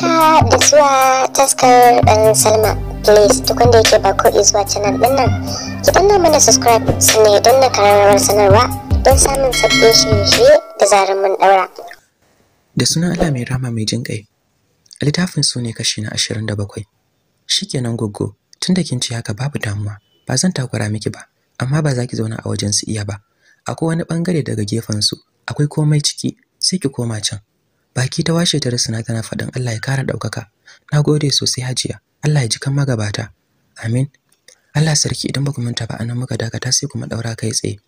haka da zuwa taskar dan salma please duk wanda yake ba ko zuwa canal din nan ki danna mana subscribe sannan ya danna karamar sanarwa don samun sabbin shirye-shirye da zarar mun daura da suna Allah mai rama mai jin kai a littafin su ne kashi na ashirin da bakwai. 27 shikenan goggo tunda kin ci haka babu damuwa ba zan takura miki ba amma ba za ki zauna a wajen su iya ba akwai wani bangare daga gefen su akwai komai ciki sai ki koma can baki ta washe ta rusuna tana faɗin Allah ya kara ɗaukaka na gode sosai hajiya Allah ya ji kan magabata amin Allah sarki idan baku manta ba anan muka dakata sai kuma daura kai tsaye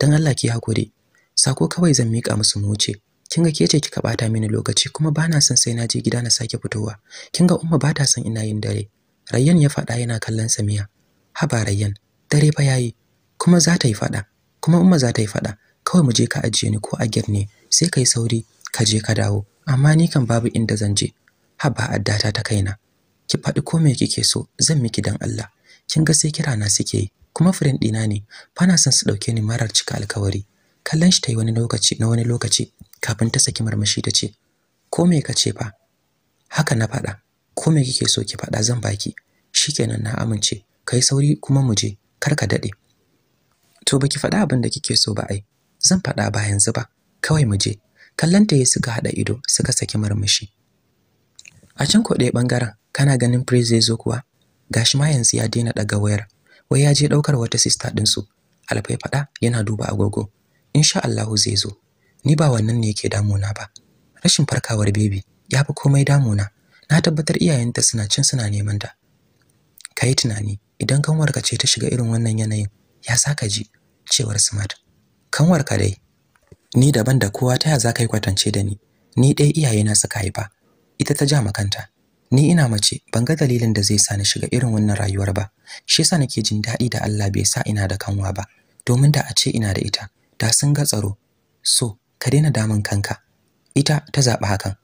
dan Allah ki hakuri sako kawai zan mika musu mu wuce kin ga kece kika bata mini lokaci kuma bana son sai na je gida na sake fitowa Kinga ga umma bata son ina yin dare Rayyan ya faɗa yana kallon Samiya haba Rayyan dare fa yayi kuma za ta yi faɗa kuma umma za ta yi faɗa kawai mu je ka ajiye ni ko a girne sai kai sauri ka je ka dawo amma ni kan babu inda zan je haba addata ta kaina ki faɗi ko me kike so zan miki dan Allah kin ga sai kirana suke yi kuma friend ɗina ne bana san su ɗauke ni marar cika alkawari kallon shi ta yi wani lokaci na wani lokaci kafin ta saki marmashi ta ce ko me ka ce fa haka na faɗa ko me kike so ki faɗa zan baki shikenan na amince kai sauri kuma mu je kar ka daɗe. to baki faɗa abin da kike so ba ai zan faɗa ba yanzu ba kawai mu je Kallon ta ya suka haɗa ido suka saki murmushi a can ko ɗaya ɓangaren kana ganin praise zai zo kuwa gashi ma yanzu ya daina daga wayar wai ya je ɗaukar wata sista ɗinsu alfai faɗa yana duba agogo insha Allahu zai zo ni ba wannan ne yake damuna ba rashin farkawar bebi ya fi komai damuna na tabbatar iyayenta suna cin suna neman ta ka yi tunani idan kanwarka ce ta shiga irin wannan yanayin ya saka ji cewar smart kanwarka dai ni daban da kowa ta za ka yi kwatance da ni ni ɗaya iyayena suka haifa ita ta ja makanta ni ina mace ban ga dalilin da zai sa ni shiga irin wannan rayuwar ba shi yasa nake jin daɗi da Allah bai sa ina da kanwa ba domin da a ce ina da ita da sun ga tsaro so ka daina damun kanka ita ta zaɓi hakan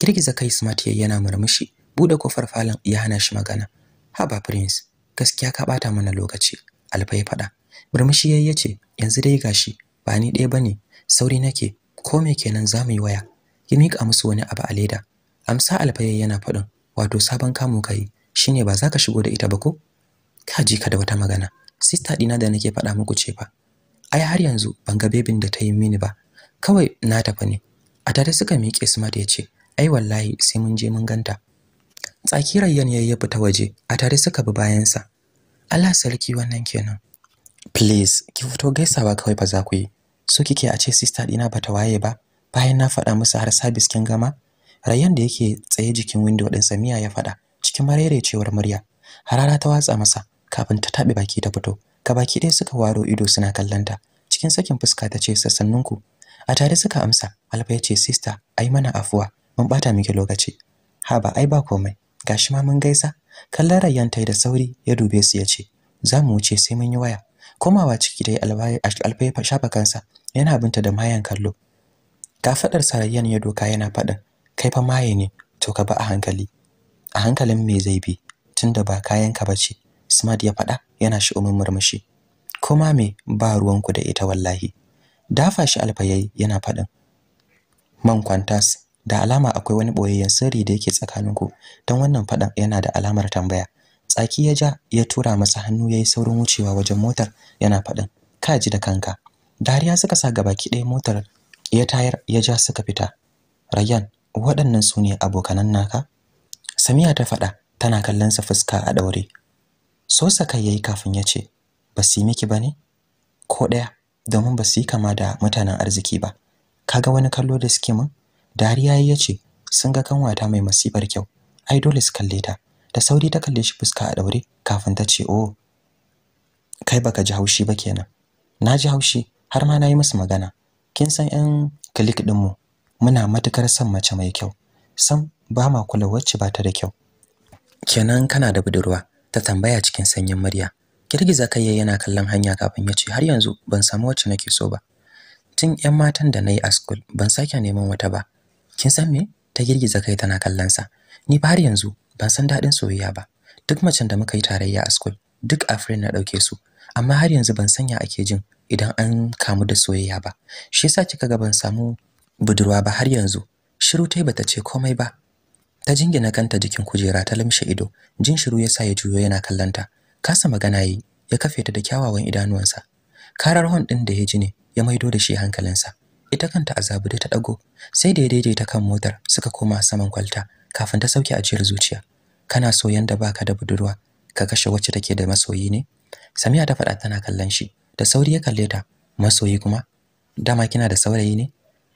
girgiza kai smart yayi yana murmushi bude kofar falon ya hana shi magana haba prince gaskiya ka bata mana lokaci alfa ya faɗa murmushi yayi yace yanzu dai gashi ba ni ɗaya ba ne. sauri nake ko me kenan za mu yi waya ki mika musu wani abu a leda amsa alfaye yana faɗin wato sabon kamu kai shine ba za ka shigo da ita ba ko ka ji ka da wata magana sista dina da nake faɗa muku ce fa ai har yanzu ban ga bebin da ta yi mini ba kawai na tafi ne a tare suka miƙe smart ya ce ai wallahi sai mun je mun ganta tsakirar yan ya fita waje a tare suka bi bayansa Allah sarki wannan kenan please ki fito gaisawa kawai fa za ku yi so kike a ce sister dina bata waye ba bayan na faɗa musu har service kin gama rayan da yake tsaye jikin window din Samiya ya faɗa cikin cewar murya harara ta watsa masa kafin ta tabe baki ta fito ka baki ɗaya suka waro ido suna kallanta cikin sakin fuska ta ce sassanninku a tare suka amsa alfa ya ce sister ai mana afuwa mun bata miki lokaci ha ba ai ba komai gashi ma mun gaisa kallon rayyan tai da sauri ya dube su ya ce za mu wuce sai mun yi waya komawa ciki dai alfa ya shafa kansa yana binta da mayan kallo fadar sarayyan ya doka yana faɗin kai fa maye ne to ka ba a hankali a hankalin me zai bi tunda ba kayan ka bace smart ya faɗa yana shi umin murmushi kuma me ba ruwan ku da ita wallahi dafa shi alfayayi yana faɗin man kwantas da alama akwai wani boyayyen sirri da yake ku don wannan faɗan yana da alamar tambaya tsaki ya ja ya tura masa hannu yayi saurin wucewa wajen motar yana faɗin ka ji da kanka dariya suka sa gabaki ɗaya motar ya tayar ya ja suka fita rayyan waɗannan su ne abokanan naka samiya ta faɗa tana kallon sa fuska a ɗaure so kai yayi kafin ya ce ba su yi miki ba ne ko ɗaya domin ba su yi kama da mutanen arziki ba kaga wani kallo da suke min dariya ya ce sun ga kanwata mai masifar kyau ai dole su kalle ta da sauri ta kalle shi fuska a ɗaure kafin ta ce oh kai baka ji haushi ba kenan na ji haushi har ma na yi musu magana kin san 'yan kilik ɗinmu muna matukar son mace mai kyau san ba ma kula wacce ba ta da kyau kenan kana da budurwa ta tambaya cikin sanyin murya girgiza kai yana kallon hanya kafin ya ce har yanzu ban samu wacce nake so ba tun 'yan matan da na yi a school ban sake neman wata ba kin san me ta girgiza kai tana kallon sa ni ba har yanzu ban san daɗin soyayya ba duk macen da muka yi tarayya a school duk a na ɗauke su amma har yanzu ban sanya ake jin idan an kamu da soyayya ba shi yasa kika ga ban samu budurwa ba har yanzu shiru tai bata ce komai ba ta jingina kanta jikin kujera ta lamshe ido jin shiru yasa ya juyo yana kallanta kasa magana yi ya kafe ta da kyawawan idanuwansa karar hon din da ya ji ne ya maido da shi hankalinsa ita kanta azabu ta dago sai da ya daidaita kan motar suka koma saman kwalta kafin ta sauke ajiyar zuciya kana soyayya da baka da budurwa ka kashe wacce take da masoyi ne samiya ta faɗa tana kallon shi da sauri ya kalle ta masoyi kuma dama kina da saurayi ne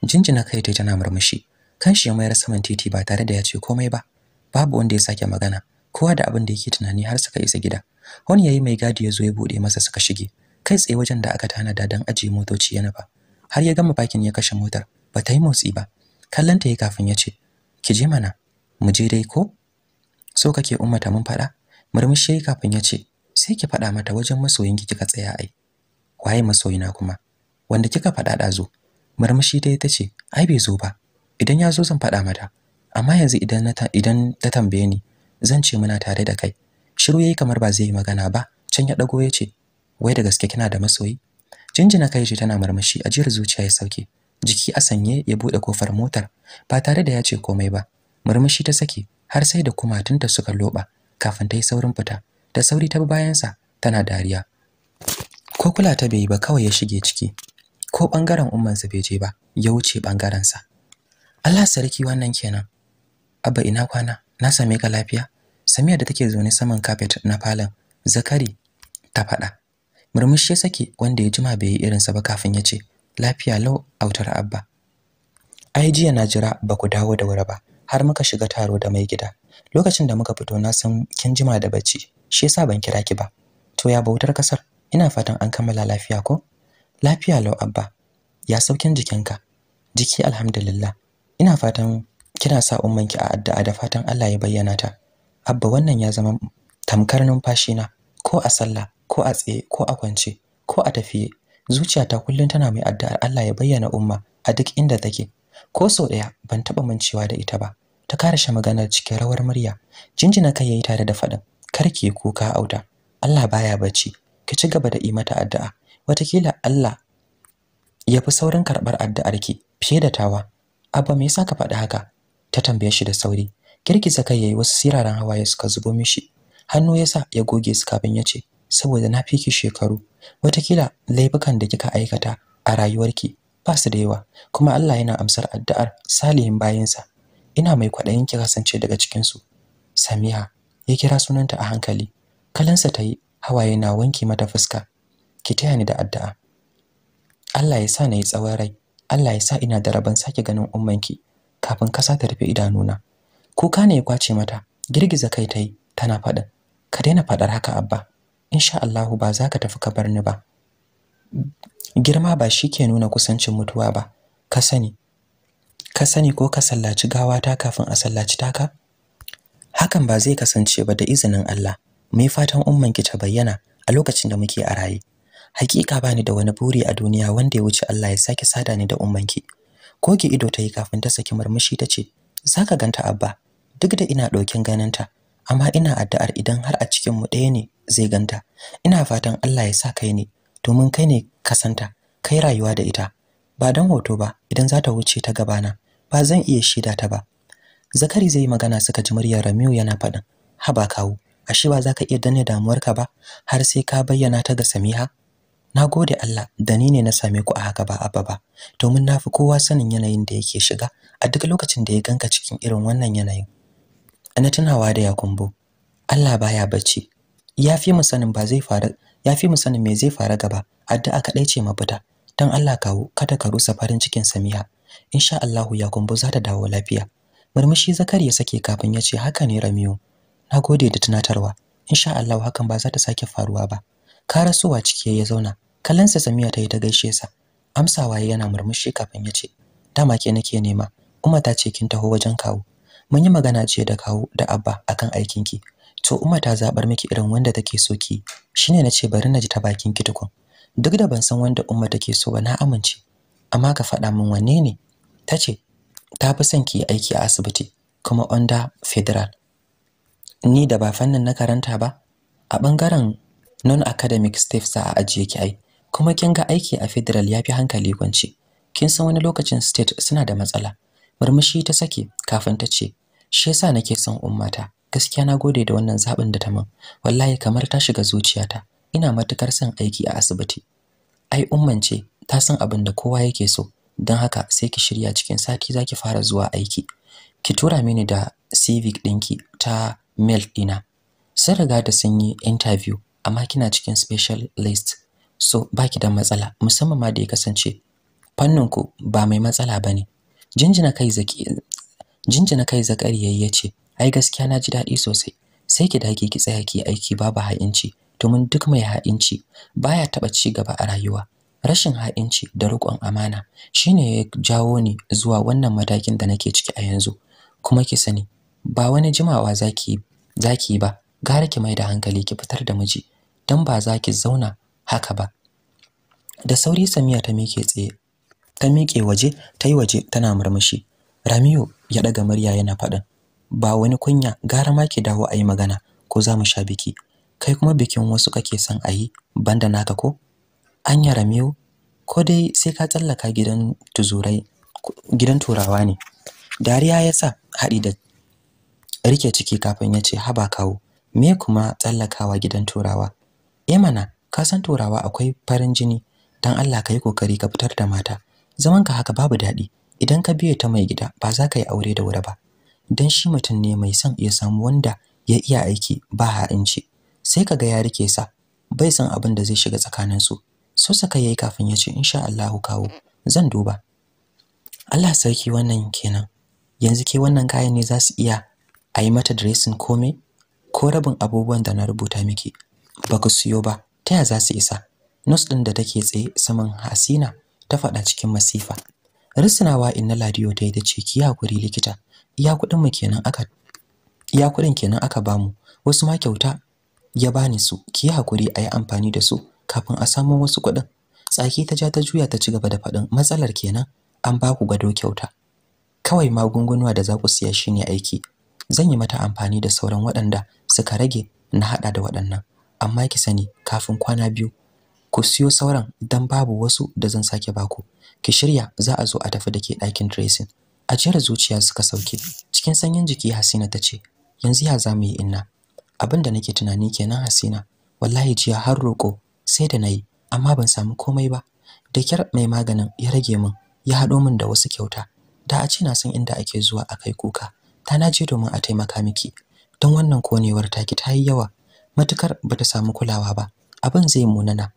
jinjina kai ta tana murmushi kanshi ya mayar saman titi ba tare da ya ce komai ba babu wanda ya sake magana kowa da abin da yake tunani har suka isa gida wani yayi mai gadi ya zo ya bude masa suka shige kai tsaye wajen da aka tanada don ajiye motoci ya nufa har ya gama bakin ya kashe motar ba ta yi motsi ba kallon ta yi kafin ya ce ki je mana mu je dai ko so kake ummata mun faɗa murmushi yayi kafin ya ce sai ki faɗa mata wajen masoyinki kika tsaya ai waye masoyina kuma wanda kika faɗa zo? murmushi dai ta ce ai bai zo ba idan ya zo zan faɗa mata amma yanzu idan na idan ta tambaye ni zan ce muna tare da kai shiru yayi kamar ba zai yi magana ba can ya dago yace wai da gaske kina da masoyi jinjina kai ce tana murmushi ajiyar zuciya ya sauke jiki a sanye ya bude kofar motar ba tare da ya ce komai ba murmushi ta saki har sai da kumatunta suka loba kafin ta yi saurin fita da sauri ta bayansa tana dariya ko kula ta bai ba kawai ya shige ciki ko bangaren ummansa bai je ba ya wuce bangaren Allah sarki wannan kenan abba ina kwana na same ka lafiya Samiya da take zaune saman carpet na falon Zakari ta faɗa murmushi ya sake wanda ya jima bai yi irinsa ba kafin ya ce lafiya lau autar abba ai jiya na jira ba ku dawo da wuri ba har muka shiga taro da mai gida lokacin da muka fito na san kin jima da bacci shi yasa ban kira ki ba to ya bautar kasar Ina fatan an kammala lafiya ko? Lafiya lau abba. Ya saukin jikinka? Jiki alhamdulillah. Ina fatan kina sa ummanki a addu'a da fatan Allah ya bayyana ta. Abba wannan ya zama tamkar numfashi na ko a sallah ko a tsaye ko a kwance ko a tafiye zuciyata kullum tana mai addu'ar Allah ya bayyana umma a duk inda take ko sau ɗaya, ban taba mancewa da ita ba ta karashe maganar cikin rawar murya jinjina kai yayi tare da fadin karki kuka auta Allah baya bacci ki ci gaba da yi mata addu'a watakila Allah ya fi saurin karɓar ki fiye da tawa abba me yasa ka faɗi haka ta tambaye shi da sauri girgiza kai yayi wasu siraran hawaye suka zubo mishi hannu yasa ya goge su kafin ya ce saboda na fi ki shekaru watakila laifukan da kika aikata a rayuwarki ba su da yawa kuma Allah yana amsar addu'ar salihin bayinsa ina mai kwaɗayin ki kasance daga cikin su Samiha ya kira sunanta a hankali kalansa ta yi hawaye na wanki mata fuska ki taya ni da addu'a Allah ya sa na yi tsawon rai Allah ya sa ina da rabon sake ganin ummanki kafin ka kasa ta rufe idanuna kuka ne ya kwace mata girgiza kai ta tana faɗin ka daina faɗar haka abba insha Allahu ba za ka tafi ka bar ni ba girma ba shi ke nuna kusancin mutuwa ba ka sani ka sani ko ka sallaci gawata kafin a sallaci taka hakan ba zai kasance ba da izinin Allah mu fatan umman ki ta bayyana a lokacin da muke a raye hakika bani da wani buri a duniya wanda ya wuce Allah ya sake sada ni da umman ki ido ta yi kafin ta saki murmushi ta ce zaka ganta abba duk da ina ɗaukin ganinta amma ina addu'ar idan har a cikin mu ɗaya ne zai ganta ina fatan Allah ya sa kai ne domin kai ne kasanta, kai rayuwa da ita ba dan hoto ba idan za ta wuce ta gabana ba zan iya shida ta ba zakari zai magana suka ji muryar Ramiu yana faɗin haba kawo ashe ba za ka iya danne damuwarka ba har sai ka bayyana ta ga Samiha Na gode Allah da ni ne na same ku a haka ba abba ba domin na fi kowa sanin yanayin da yake shiga a duk lokacin da ya ganka cikin irin wannan yanayin na tunawa da yakumbo Allah baya bacci ya fi mu sanin ba zai fara ya fi mu sanin me zai fara gaba addu'a kaɗai ce mafita dan Allah kawo kada ka rusa farin cikin Samiha insha Allah yakumbo za ta dawo lafiya murmushi zakari ya sake kafin ya ce haka ne Ramiyo Na gode da tunatarwa. Insha Allah hakan ba za ta sake faruwa ba. ka rasuwa ciki ya zauna. kallansa Samiya ta yi ta gaishe sa. Amsawa yana murmushi kafin ya ce, "Dama ke nake nema. Umma ta ce kin taho wajen kawo. Mun yi magana ce da kawo da Abba akan aikin ki. To Umma ta zabar miki irin wanda take so ki. Shine ce bari na ji ta bakin ki tukun. Duk da ban san wanda Umma take so ba na amince. Amma ka faɗa min wanne ne?" Tace, "Ta fi son ki yi aiki a asibiti kuma under federal ni da ba fannin na karanta ba a bangaren non academic staffs a ajiye ki ai kuma kin ga aiki a federal ya fi hankali kwance kin san wani lokacin state suna da matsala murmushi ta sake kafin ta ce shi yasa nake son ummata gaskiya na gode da wannan zabin da ta min wallahi kamar ta shiga zuciyata ina matukar son aiki a asibiti ai umman ce ta san abin da kowa yake so don haka sai ki shirya cikin sati zaki fara zuwa aiki ki tura mini da civic ɗinki ta mail ɗina sun riga da sun yi interview amma kina cikin special list so baki da matsala musamman ma da ya kasance fannin ku ba mai matsala bane jinjina kai zaki jinjina kai zakari yayi yace ai gaskiya na ji daɗi sosai sai ki dake ki tsaya ki aiki babu ha'inci domin duk mai ha'inci baya taba ci gaba a rayuwa rashin ha'inci da riƙon amana shine ya jawo ni zuwa wannan matakin da nake ciki a yanzu kuma ki sani ba wani jimawa zaki zaki ba gara ki mai da hankali ki fitar da miji dan ba zaki zauna haka ba da sauri Samiya ta miƙe tsaye ta mike waje ta yi waje tana murmushi Ramiyo ya daga murya yana faɗin ba wani kunya gara ma ki dawo a yi magana ko za mu sha biki kai kuma bikin wasu kake son a yi banda naka ko anya Ramiyo ko dai sai ka tsallaka gidan tuzurai gidan turawa ne dariya ya sa haɗi da rike ciki kafin ya ce haba kawo me kuma tsallakawa gidan turawa eh mana ka san turawa akwai farin jini dan Allah ka yi kokari ka fitar da mata zaman ka haka babu daɗi idan ka biye ta mai gida ba za ka yi aure da wuri ba dan shi mutum ne mai son ya samu wanda ya iya aiki ba ha inci sai kaga ya rike sa bai san abin da zai shiga tsakanin su so saka yayi kafin ya ce insha Allah kawo zan duba Allah sarki wannan kenan yanzu ke wannan kayan ne za su iya a yi mata dressing komai ko rabin abubuwan da na rubuta miki ba ku siyo ba ta ya za su isa nurse ɗin da take tsaye saman hasina ta faɗa cikin masifa risinawa inna ladiyo ta yi ta ce ki hakuri likita iya kuɗin mu kenan aka iya kuɗin kenan aka bamu wasu ma kyauta ya bani su ki hakuri a yi amfani da su kafin a samo wasu kuɗin tsaki ta ja ta juya ta ci gaba da faɗin matsalar kenan an ba ku gado kyauta kawai magunguna da za ku siya shi ne aiki zan yi mata amfani da sauran waɗanda suka rage na hada da waɗannan amma ki sani kafin kwana biyu ku siyo sauran dan babu wasu da zan sake baku ki shirya za a zo a tafi da ke ɗakin tracing ajiyar zuciya suka sauke cikin sanyin jiki hasina ta ce yanzu ya za mu yi inna abinda nake tunani kenan hasina wallahi jiya har roƙo sai da nayi amma ban samu komai ba da kyar mai maganin ya rage min ya haɗo min da wasu kyauta da a ce na san inda ake zuwa a kai kuka ta naje domin a taimaka miki don wannan konewar taki ta yi yawa matukar ba ta samu kulawa ba abin zai munana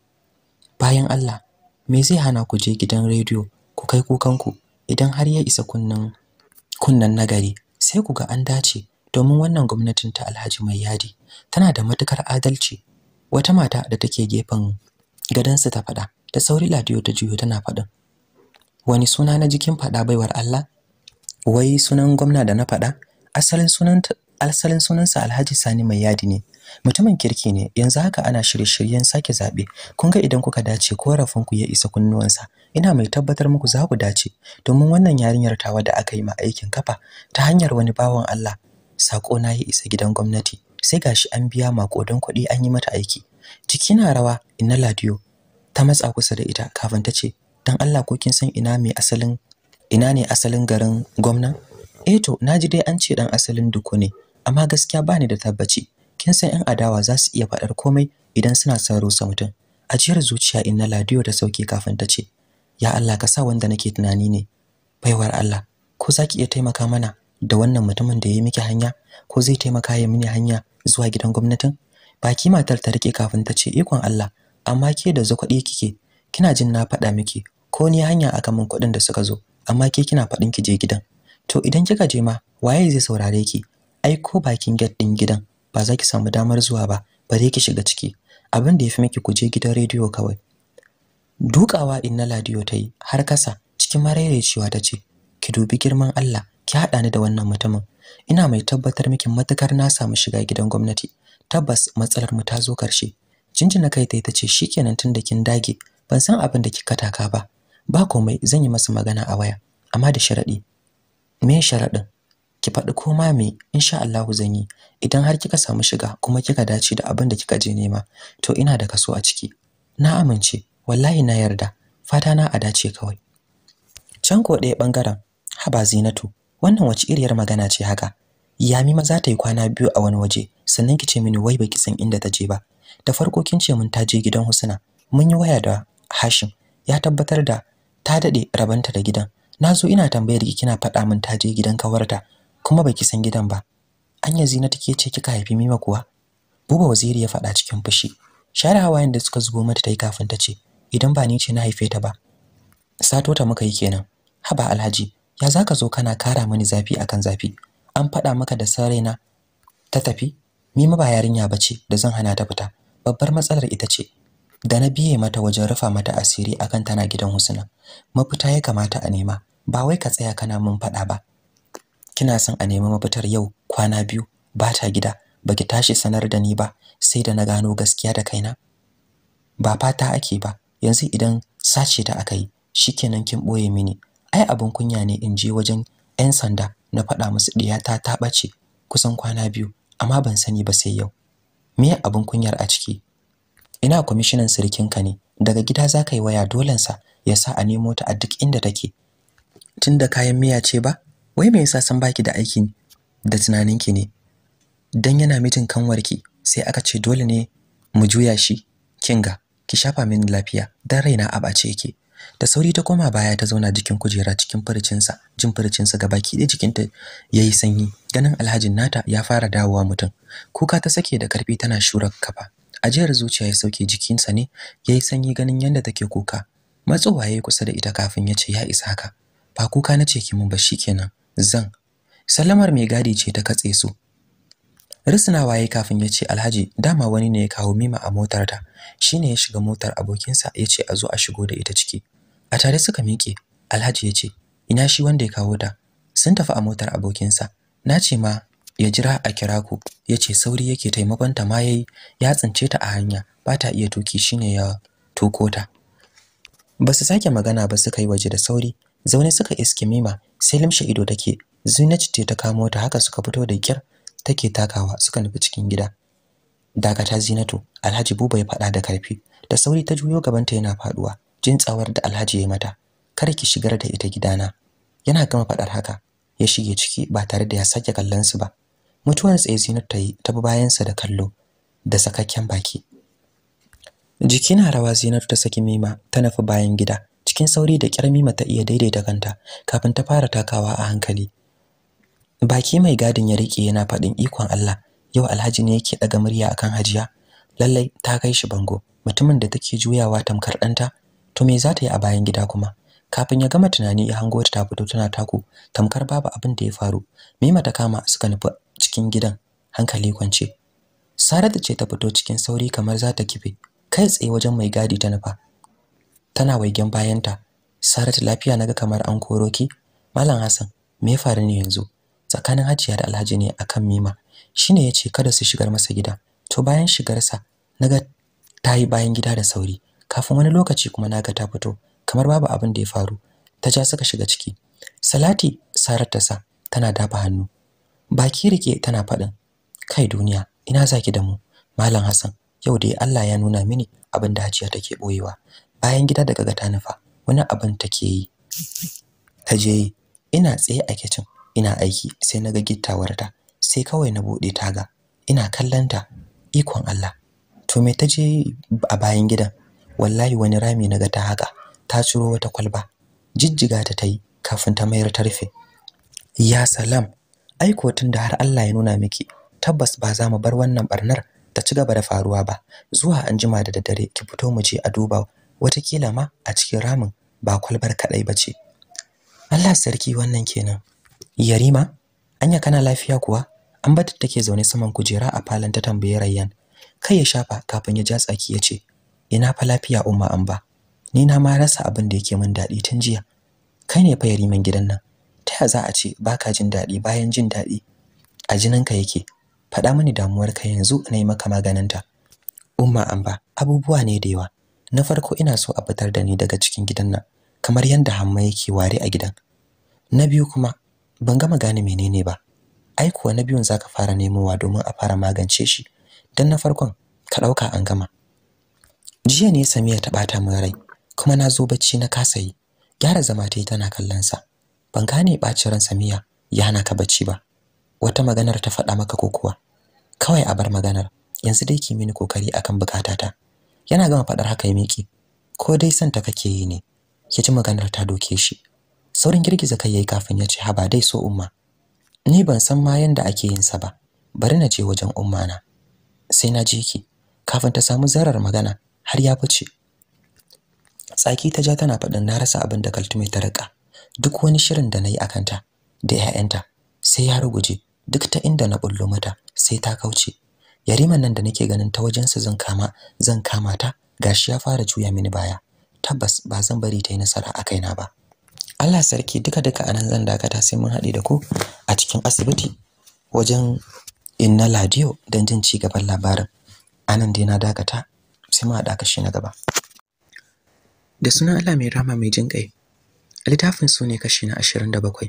bayan Allah me zai hana ku je gidan rediyo ku kai kukanku idan har ya isa kunnan kunnan nagari sai ku ga an dace domin wannan gwamnatin ta Alhaji Mai Yadi tana da matukar adalci wata mata da take gefen gadansa ta faɗa, da sauri ladiyo ta juyo tana faɗin. wani suna na jikin fada baiwar Allah wai sunan gwamna da na faɗa asalin sunan asalin sunansa Alhaji Sani Mai Yadi ne mutumin kirki ne yanzu haka ana shirye-shiryen sake zaɓe. kun ga idan kuka dace korafin ku ya isa kunnuwansa ina mai tabbatar muku za ku dace domin wannan yarinyar tawa da aka yi ma aikin kafa ta hanyar wani bawan Allah sako na ya isa gidan gwamnati sai gashi an biya makodan kuɗi an yi mata aiki ciki na rawa ina ladiyo ta matsa kusa da ita kafin ta ce dan Allah ko kin san ina mai asalin ina ne asalin garin gwamna eh to naji dai an ce dan asalin duku ne amma gaskiya bani da tabbaci kin san 'yan adawa za su iya faɗar komai idan suna son rusa mutum ajiyar zuciya in na ladiyo ta sauke kafin ta ce ya Allah ka sa wanda nake tunani ne baiwar Allah ko za ki iya taimaka mana da wannan mutumin da ya yi miki hanya ko zai taimaka ya mini hanya zuwa gidan gwamnatin baki matar ta rike kafin ta ce ikon Allah amma ke da zakwaɗi kike kina jin na faɗa miki ko ni hanya kan min kuɗin da suka zo amma ke kina faɗin ki je gidan to idan kika je ma waye zai saurare ki ai ko bakin gate din gidan ba za ki samu damar zuwa ba bare ki shiga ciki abin da yafi miki ku je gidan rediyo kawai dukawa inna ladiyo ta yi har kasa cikin cewa ta ce ki dubi girman Allah ki haɗa ni da wannan mutumin ina mai tabbatar miki matukar na samu shiga gidan gwamnati tabbas matsalar mu ta zo karshe jinjina kai ta ce shikenan tun da kin dage ban san abin da kika taka ba ba komai zan yi masa magana a waya amma da sharaɗi. me sharaɗin? ki faɗi koma me insha Allah zan yi idan har kika samu shiga kuma kika dace da abin da kika je nema to ina da kaso a ciki na amince wallahi na yarda fata na a dace kawai can ko ɗaya bangaren haba zinatu wannan wace iriyar magana ce haka yami ma za ta yi kwana biyu a wani waje sannan ki ce mini wai baki san inda ta je ba da farko kin ce mun ta je gidan Husna mun yi waya da Hashim ya tabbatar da ta dade rabanta da gidan nazo ina tambayar ki kina faɗa min ta je gidan kawarta kuma baki san gidan ba anya zina take ce kika haifi mima kuwa buba waziri ya faɗa cikin fushi share hawayen da suka zubo mata tai kafin ta ce idan ba ni ce na haife ta ba sato ta muka yi kenan haba alhaji ya zaka zo kana kara mani zafi akan zafi an faɗa maka da na, ta tafi mima ba yarinya bace da zan hana ta fita babbar matsalar ita ce da na biye mata wajen rufa mata asiri akan tana gidan Husna mafita ya kamata a nema ba wai ka tsaya kana mun faɗa ba kina son a nemi mafitar yau kwana biyu ba ta gida baki tashi sanar da ni ba sai da na gano gaskiya da kaina ba fata ake ba yanzu idan sace ta aka yi shikenan kin boye mini ai abin kunya ne in je wajen 'yan sanda na faɗa musu ɗiyata ta ɓace kusan kwana biyu amma ban sani ba sai yau me abin kunyar a ciki ina kwamishinan sirkinka ne daga gida za ka yi waya dolensa ya sa a nemo ta a duk inda take Tunda kayan miya ce ba wai me yasa san baki da aiki da tunaninki ne dan yana mijin kanwarki sai aka ce dole ne mu juya shi kinga ki shafa min lafiya dan raina a bace yake da sauri ta koma baya ta zauna jikin kujera cikin furcinsa jin furcinsa gaba ki jikinta ya yi sanyi ganin alhajin nata ya fara dawowa mutum kuka ta sake da karfi tana shura kafa ajiyar zuciya ya sauke jikinsa ne yayi sanyi ganin yadda take kuka matsowa yayi kusa da ita kafin ya ce ya isa haka ba kuka nace ki mun ba kenan, zan sallamar mai gadi ce ta katse su risna waye kafin ya ce alhaji dama wani ne ya kawo mima a motar ta shine ya shiga motar abokinsa ya ce a zo a shigo da ita ciki a tare suka miƙe alhaji ya ce ina shi wanda ya kawo ta sun tafi a motar abokinsa na ce ma ya jira a kira ku ya ce sauri yake taimakon ta ma yayi ya tsince ta a hanya ba ta iya tuki shine ya tuko ta ba su sake magana ba suka yi waje da sauri zaune suka iske mima sai limshe ido take zinaci ce ta kamo ta haka suka fito da kyar take takawa suka nufi cikin gida dakata zinatu alhaji buba ya faɗa da karfi da sauri ta juyo gabanta yana faɗuwa, jin tsawar da alhaji ya mata kar ki shigar da ita gidana yana gama faɗar haka ya shige ciki ba tare da ya sake kallon su ba mutuwar tsaye Zinat ta yi ta bayansa da kallo da sakakken baki jiki na rawa zinar ta saki mima ta nafi bayan gida cikin sauri da kyar mima ta iya daidaita kanta kafin ta fara takawa a hankali baki mai gadin ya rike yana faɗin ikon Allah yau Alhaji ne yake daga murya akan Hajiya lallai ta kai shi bango mutumin da take juyawa tamkar ɗanta to me za ta yi a bayan gida kuma kafin ya gama tunani ya hango ta fito tana taku tamkar babu abin da ya faru Mima ta kama suka nufi cikin gidan hankali kwance Saratu ce ta fito cikin sauri kamar za ta kife kai tsaye wajen mai gadi ta nufa tana waigen bayanta Saratu lafiya naga kamar an koro ki Malam Hassan me ya faru ne yanzu tsakanin Hajiya da Alhaji ne akan Mima shine yace kada su shigar masa gida to bayan shigarsa naga tayi bayan gida da sauri kafin wani lokaci kuma naga ta fito kamar babu abin da ya faru ta ja suka shiga ciki Salati Saratu ta sa tana dafa hannu baki rike tana faɗin kai duniya ina zaki da mu malam Hassan yau dai Allah ya nuna mini abin da Hajiya take boyewa bayan gida daga gata nufa wani abin take yi taje ina tsaye a kitchen ina aiki sai na naga gittawarta sai kawai na bude taga ina kallanta ikon Allah to me taje a bayan gidan wallahi wani rami naga ta haka ta ciro wata kwalba jijjiga ta tayi kafin ta mayar ta rufe ya salam Aiko tun da har Allah ya nuna miki tabbas ba za mu bar wannan barnar ta ci gaba da faruwa ba zuwa anjima da daddare ki fito mu je a duba watakila ma a cikin ramin ba kwalbar kadai ba ce Allah sarki wannan kenan yarima anya kana lafiya kuwa an ta take zaune saman kujera a falon ta tambaye rayyan kai ya shafa kafin ya ja tsaki ya ce ina fa lafiya umma an ba ni na ma rasa abin da yake min daɗi tun jiya kai ne fa yariman gidan nan ta za a ce baka jin daɗi bayan jin daɗi a jininka yake faɗa mini damuwarka yanzu na yi maka maganinta umma amba abubuwa ne da yawa na farko ina so a fitar da ni daga cikin gidan nan kamar yadda hamma yake ware a gidan na biyu kuma ban gama gane menene ba ai kuwa na biyun zaka fara nemowa domin a fara magance shi dan na farkon ka ɗauka an gama jiya ne samiya ta ɓata min rai kuma na zo bacci na kasa yi gyara zama ta yi tana kallon sa ban gane ɓaci ran Samiya ya hana ka bacci ba wata maganar ta faɗa maka ko kuwa kawai a bar maganar yanzu dai ki mini kokari akan bukatata yana gama faɗar haka ya miki ko dai santa ta kake yi ne ya ji maganar ta doke shi saurin girgiza kai yayi kafin ya ce haba dai so umma ni ban san ma yanda ake yin sa ba bari na je wajen umma na sai na je ki kafin ta samu zarar magana har ya fice tsaki ta ja tana faɗin na rasa abin da kaltume ta rika duk wani shirin da nayi akanta da 'ya'yanta sai ya ruguje duk ta inda na bullo mata sai ta kauce yariman nan da nake ganin ta wajen su zan kama zan kama ta gashi ya fara juya mini baya tabbas ba zan bari ta yi nasara a kaina ba Allah sarki duka duka anan zan dakata sai mun haɗe da ku a cikin asibiti wajen inna ladiyo dan jin ci gaban labarin anan dai na dakata sai mun haɗa kashi na gaba da sunan Allah mai rama mai jin kai littafin su ne kashi na 27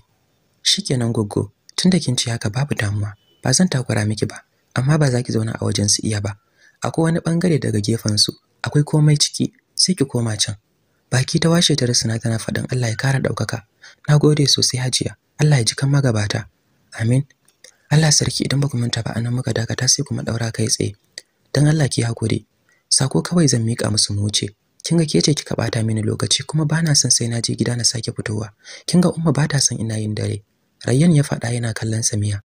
shikenan goggo tunda kin ce haka babu damuwa ba zan takura miki ba amma ba za ki zauna a wajen su iya ba akwai wani bangare daga gefen su akwai komai ciki sai ki koma can baki ta washe ta rusuna tana faɗin Allah ya kara Na gode sosai hajiya Allah ya ji kan magabata amin Allah sarki idan ba ku manta ba anan muka dakata sai kuma ɗaura kai tsaye dan Allah ki hakuri sako kawai zan mika musu mu wuce kin ga kece kika bata mini lokaci kuma bana son sai na je gida na sake fitowa kin ga umma bata son ina yin dare Rayyan ya faɗa yana kallon Samiya